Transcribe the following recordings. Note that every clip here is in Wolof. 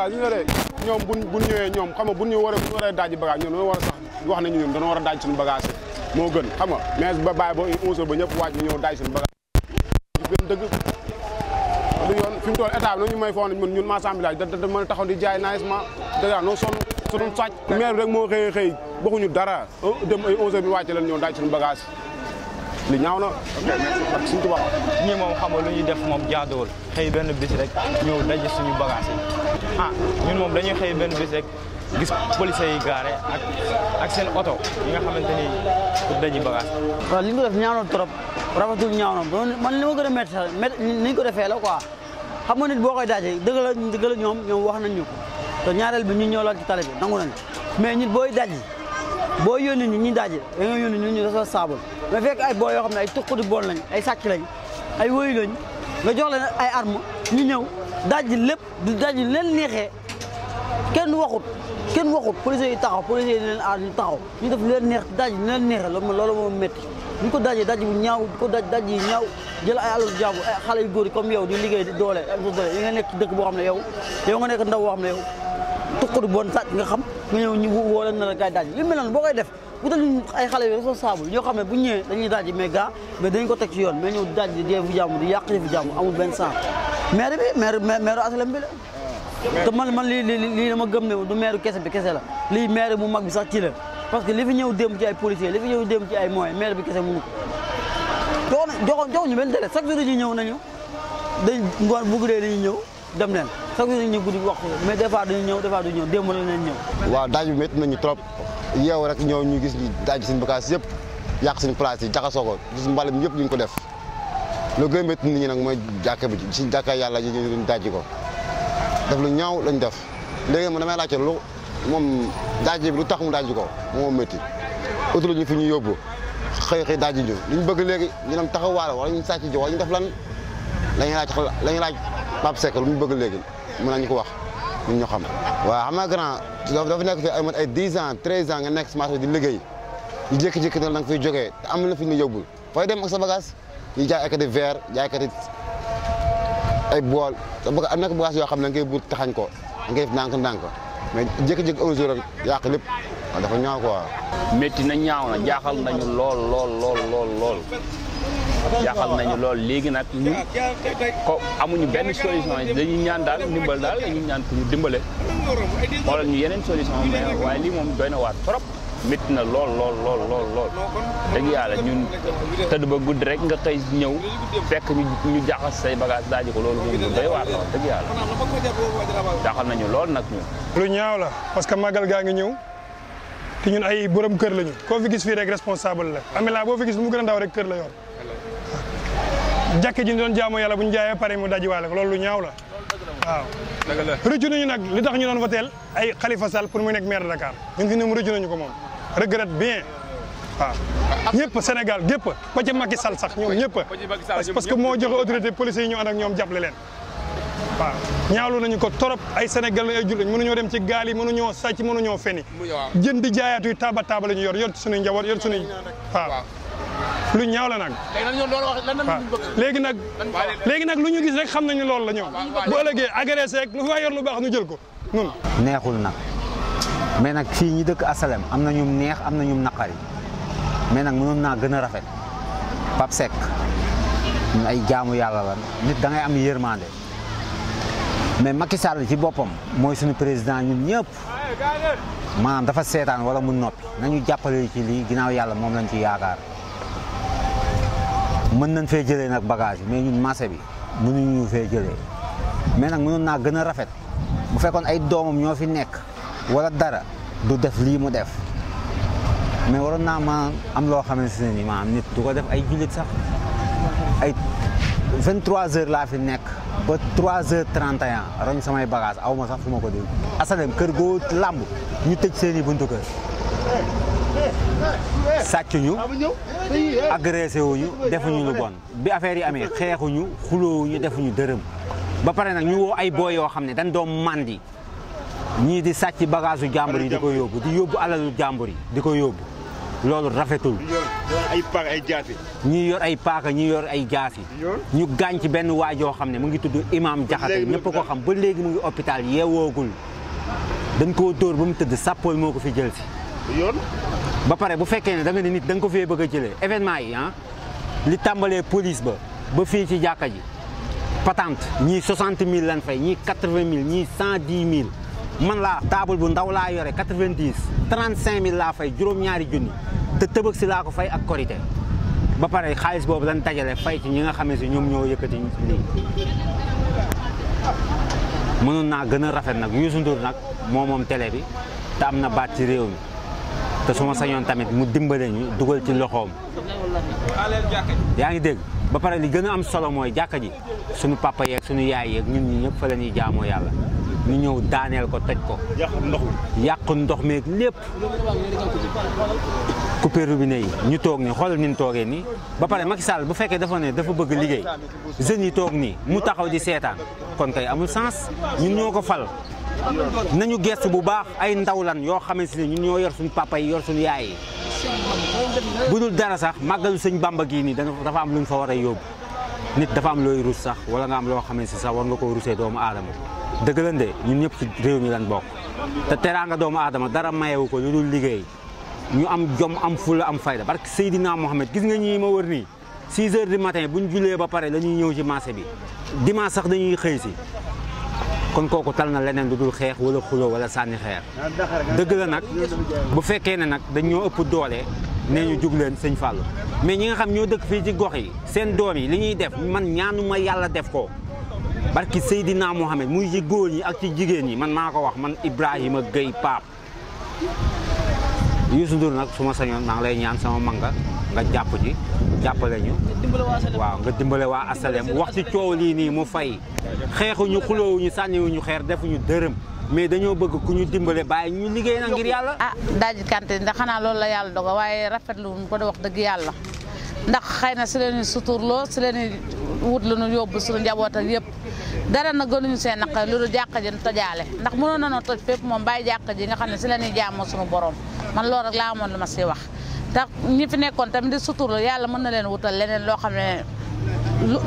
bagage ñu ne de ñoom buñ buñ ñëwee ñoom xam nga buñ ñu war a buñ war a daaj ñoom dañoo war a sax wax nañu ñoom dañoo war a daaj moo gën xam nga mais ba bàyyi ba onze heures ba ñëpp waaj ñu ñëw daaj suñu bagage gën dëgg du yoon fi mu toll état bi na ñu ñun ñun maa sambilage da da mën a di jaay nagisement dèjà noo sonn suñu sàcc maire rek moo xëy xëy waxuñu dara oh dem ay onze heures bi wàcce lan ñëw daaj suñu bagage li ñaaw na ak suñ tubaab ñi moom xam lu ñuy def moom jaaduwul xëy benn bis rek ñëw daje suñu bagage yi ah ñun moom dañuy xëy benn bis rek gis police yi gaare ak ak seen oto yi nga xamante ni pour daji bagage waaw li ñu ko def ñaaw na trop rafetul ñaaw na man li ma gën a métti sax ni ñu ko defee la quoi xam nga nit boo koy daje dëgg la dëgg la ñoom wax nañ ñu ko te ñaareel bi ñu ñëw la ci tali bi nangu nañ mais nit booy daji boo yónni ñu ñuy daje da nga yónni ñu ñu responsable nga fekk ay boo yoo xam ne ay tuqudi boon lañ ay sàcc lañ ay woyu lañ nga jox na ay arme ñu ñëw dajji lépp du dajji len neexee kenn waxut kenn waxut policiers yi taxaw policiers yi leen aar ah ñu taxaw ñu def leen neex dajji leen neexee loolu loolu moom métti ñu ko dajee daj wu ñaaw ko daj daj yi ñaaw jël ay alal jàmbur ay yow di liggéey di doole am yi nga nekk dëkk boo xam ne yow yow nga nekk ndaw boo xam ne yow tuqudi boon sàcc nga xam nga ñëw ñu woo leen na la kay daj li boo koy def wutal ay xale yu responsable yoo xam ne bu ñëwee dañuy dajji mais gars mais dañ ko teg ci yoon mais ñëw di dee fu jàmm di yàq di fu jàmm amul benn sens maire bi maire maire aslem bi la te man man lii lii dama gëm ne du maire kese bi kese la lii maire bu mag bi sax ci la parce que li fi ñëw démb ci ay policiers li fi ñëw démb ci ay moyens maire bi kese mënu ko joxoon joxoon ñu benn délai chaque jour dañuy ñëw nañu dañ ngoon bu da dañuy ñëw dem leen chaque jour dañuy ñëw guddi waxtu mais des ñëw des fois duñu ñëw démb la leen ñëw waaw daaj bi métti nañu trop yeew rek ñëw ñu gis daaj suñu bagage yëpp yàq suñu place yi jaxasoo ko gis mbalit mi ñu ngi ko def lu gën a métti nit ñi nag mooy jàkka bi si jàkka yàlla ñu ñu dajji ko def lu ñaaw lañ def léegi man damay laaj lu moom dajji bi lu tax mu dajji ko moo métti utul ñu fi ñu yóbbu xëy xëy dajji ñu li ñu bëgg léegi ñu dem taxawaale wala ñu sàcc ji wala ñu def lan lañ laaj lañuy laaj Pape Seck lu mu bëgg léegi mën nañu ko wax ñu ñu xam waaw xam nga grand dafa nekk fi ay man ay 10 ans 13 ans nekk si marché di liggéey ñu jékki-jékki nag da nga fiy jógee te am na fi ñu yóbbul fooy dem ak sa bagage ñu jaay ay kati verre jaay kati ay bool sa bagage am na bagage yoo xam ne ngay buut taxañ ko ngay ndànk-ndànk mais jékki-jékki un jour yàq lépp dafa ñaaw quoi. metti na ñaaw na jaaxal nañu lool lool lool lool lool. jaaxal nañu lool léegi nag ñu ko amuñu benn solution dañuy ñaan daal ndimbal daal dañuy ñaan pour ñu dimbale xoolal ñu yeneen solution mais waaye lii moom doy na waar trop métti na lool lool lool lool lool yàlla ñun tëdd ba guddi rek nga xëy ñëw fekk ñu ñu say bagage daaji ko loolu moom doy waar lool dëgg yàlla jaaxal nañu lool nag ñun lu ñaaw la parce que màggal gaa ngi ñëw te ñun ay borom kër lañu koo fi gis fii rek responsable la amela boo fi gis lu mu gën a ndaw rek kër la yor jàkk ji ñu doon jaamu bu ñu jaayee pare mu dajiwaale ko loolu lu ñaaw la waaw rëccu nañu nag li tax ñu doon voteel ay Khalifa Sall pour mu nekk maire de Dakar ñun fi ñoom rëccu nañu ko moom regrette bien waaw ñëpp Sénégal gépp ba ci Macky Sall sax ñoom ñëpp parce que moo joxe autorité policiers yi ñu ànd ak ñoom jàppale leen waaw ñaawlu nañu ko torop ay Sénégal ay jullit mënuñoo dem ci gaal yi mënuñoo sàcc mënuñoo feni jën di jaayaatuy taaba taaba la ñu yor yor suñuy njaboot yor suñuy waaw lu ñaaw la nag. léegi nag léegi nag lu ñu gis rek xam nañu loolu la ñoom bu ëllëgee agressé rek lu fa yor lu baax nu jël ko nun neexul nag mais nag fii ñi dëkk asalem am na ñum neex am na ñum naqari mais nag mënoon naa gën a rafet Pape Seck ay jaamu yàlla la nit da ngay am yërmande mais Macky Sall ci boppam mooy suñu président ñun ñëpp maanaam dafa seetaan wala mu noppi nañu jàppale ci lii ginnaaw yàlla moom lañ ci yaakaar mën nañ fee jëlee nag bagage mais ñun marché bi mënuñu fee jëlee mais nag mënoon naa gën a rafet bu fekkoon ay doomam ñoo fi nekk wala dara du def lii mu def mais waroon naa ma am loo xamante ne nii maanaam nit du ko def ay jullit sax ay 23 heures laa fi nekk ba 3 heures 31 roñ samay bagage aw ma sax fu ma ko déglu. asalem kër goo làmb ñu tëj seen i buntu kër. sàccuñu ah, agressé defuñu lu bon bi affaire yi amee xeexuñu xuloowuñu defuñu dërëm ba pare nag ñu woo ay boo yoo xam ne dañ doon màndi ñii di sàcc bagage yu jàmbur yi di ko yóbbu di yóbbu alalu jàmbur yi di ko yóbbu loolu rafetul ay paaka ay ñii yor ay paaka ñii yor ay jaasi ñu gaañ ci benn waajoo xam ne mu ngi tudd Imaam Jaxate ñëpp ko xam ba léegi mu ngi hôpital yeewoogul dañ ko dóor ba mu tëdd sàppool moo ko fi jël si ba pare bu fekkee ne da nit da nga ko fee bëgg a jëlee événement yi ah, li tàmbalee police ba ba fii ci jàkka ji patente ñii soixante mille lan fay ñii quatre mille ñii cent dix mille man laa table bu ndaw laa yore quatre vingt cinq mille laa fay juróom-ñaari junni te tëbëg laa ko fay ak korité ba pare xaalis boobu lan dajale fay ci ñi nga xam ne si ñoom ñoo yëkkati lii mënoon naa gën a rafet nag Youssou Ndour nag moo moom télé bi te am na baat ci réew mi te su ma sañoon tamit mu dimbale ñu dugal ci loxoom yaa ngi dégg ba pare li gën a am solo mooy jàkk ji suñu papa yeeg suñu yaay yeeg ñun ñi ñëpp fa la ñuy jaamoo yàlla ñu ñëw daaneel ko teg ko yàqu ndox meeg lépp coupé robinet yi ñu toog ni xoolal ñu toogee nii ba pare Macky Sall bu fekkee dafa ne dafa bëgg liggéey jeunes yi toog nii mu taxaw di seetaan kon kay amul sens ñun ñoo ko fal nañu gestu bu baax ay ndaw lan yoo xamante ne ñun ñoo yor suñu papa yi yor suñu yaay bu dul dara sax màggalu sëñ bamba gii nii dafa am lu ñu fa war a nit dafa looy rus sax wala nga am loo xamante ne sax war nga koo rusee doomu aadama dëgg ñun ñëpp ci réew mi lan bokk te teraanga doomu aadama dara mayewu ko lu dul liggéey ñu am jom am fula am fayda barke Seydina Mohamed gis nga ñii ma wër nii 6 heures du matin bu ñu julee ba pare la ñëw ci marché bi dimanche sax dañuy xëy si kon kooku tal na leneen lu dul xeex wala xulo wala sànni xeer dëgg la nag bu fekkee ne nag dañoo ëpp doole nee ñu jug leen sëñ Fallou mais ñi nga xam ñoo dëkk fii ci gox yi seen doom yi li ñuy def man ñaanuma yàlla def ko barki Seydina Mohamed muy ci góor ñi ak ci jigéen ñi man maa ko wax man Ibrahima Gueye Pape Youssou Ndour nag su ma sañoon maa ngi lay ñaan sama manga nga jàpp ci jàppale ñu waaw nga dimbale waa asalem wax ci coow lii nii mu fay xeexuñu xuloowuñu ñu xeer defu ñu dërëm mais dañoo bëgg ku ñu dimbale bàyyi ñu liggéey na ngir yàlla ah daaji kante ndax xanaa loolu la yàlla dogal waaye rafetlu wuñ ko da wax dëgg yàlla ndax xëy na si leen suturloo si leen wut lu nu yóbbu suñu njaboot ak yëpp dara na gënuñu seen naqar lu dul jàkka ji tojaale ndax mënoon nanoo toj fépp moom bàyyi jàkka ji nga xam ne si la ma si wax tax ñi fi nekkoon tamit di sutur yàlla mën na leen wutal leneen loo xam ne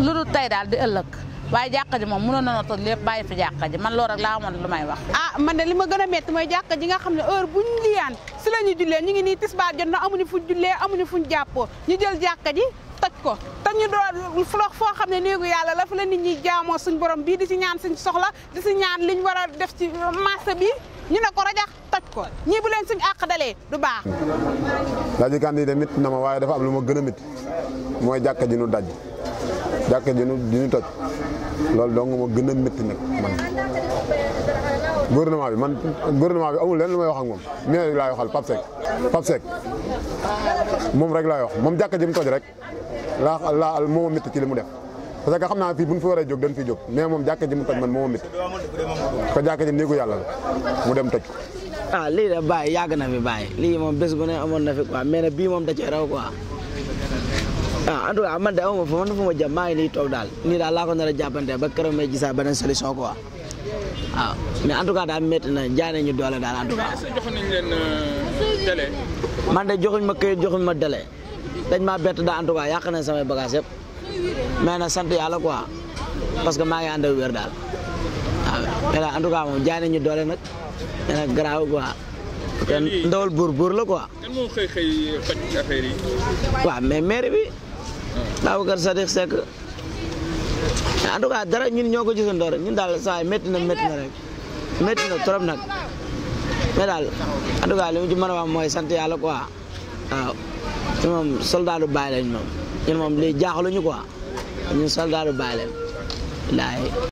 lu dul tey daal di ëllëg waaye jàkka ji moom mënoon na toj lépp bàyyi fi jàkka ji man loo rek laa amoon lu may wax. ah man de li ma gën a métti mooy jàkka ji nga xam ne heure buñ liyaan si la ñu jullee ñu ngi nii tisbaar jot na amuñu fuñ jullee amuñu fuñ jàppoo ñu jël jàkka ji toj ko te ñu doon foo xam ne néegu yàlla la fa la nit ñi jaamoo suñ borom bii di si ñaan suñ soxla di si ñaan liñ war a def ci marché bi. ñu ne ko rajax toj ko ñii bu leen suñu du baax. daji kan de métti ma waaye dafa am lu ma gën a métti mooy jàkka ji nu daj jàkka ji toj loolu dong ma gën a métti man. gouvernement bi man gouvernement bi amul leen lu may wax ak moom maire bi laay waxal Pape moom rek laay wax moom jàkka mu toj rek laa laa moo ma mu def. parce que xam naa fii bu ñu fi war a jóg dañ fi jóg mais moom jàkka ji mu toj man moo mit ko jàkka ji néegu yàlla la mu dem toj ah lii da bàyyi yàgg na fi bàyyi lii moom bés bu ne amoon na fi quoi mais nag bii moom da cee raw quoi ah en tout cas man de aw ma fa man ma jëm maa ngi nii toog daal nii daal laa ko nar ba keroog may gisaa beneen solution quoi waaw ah, mais en tout cas daal métti na jaay nañu doole daal en tout euh, man de joxuñ ma këyit joxuñ ma délai dañ maa bett daal en tout cas yàq nañ samay bagages yëpp. mais nag sant yàlla quoi parce que maa ngi ànd ak wér daal waaw mais daal en moom jaay nañu doole nag mais nag garaaw quoi. te ndawal buur la quoi. kan moo bi. Babacar Sadikh Seck. en tout cas dara ñun ñoo ko gisandoo rek ñun daal saa yi métti rek métti trop nag mais daal en tout cas li mooy sant yàlla quoi waaw. ñun moom soldaadu Baay lañ moom ñun moom lii jaaxaluñu quoi ñun soldaadu Baay lañ laay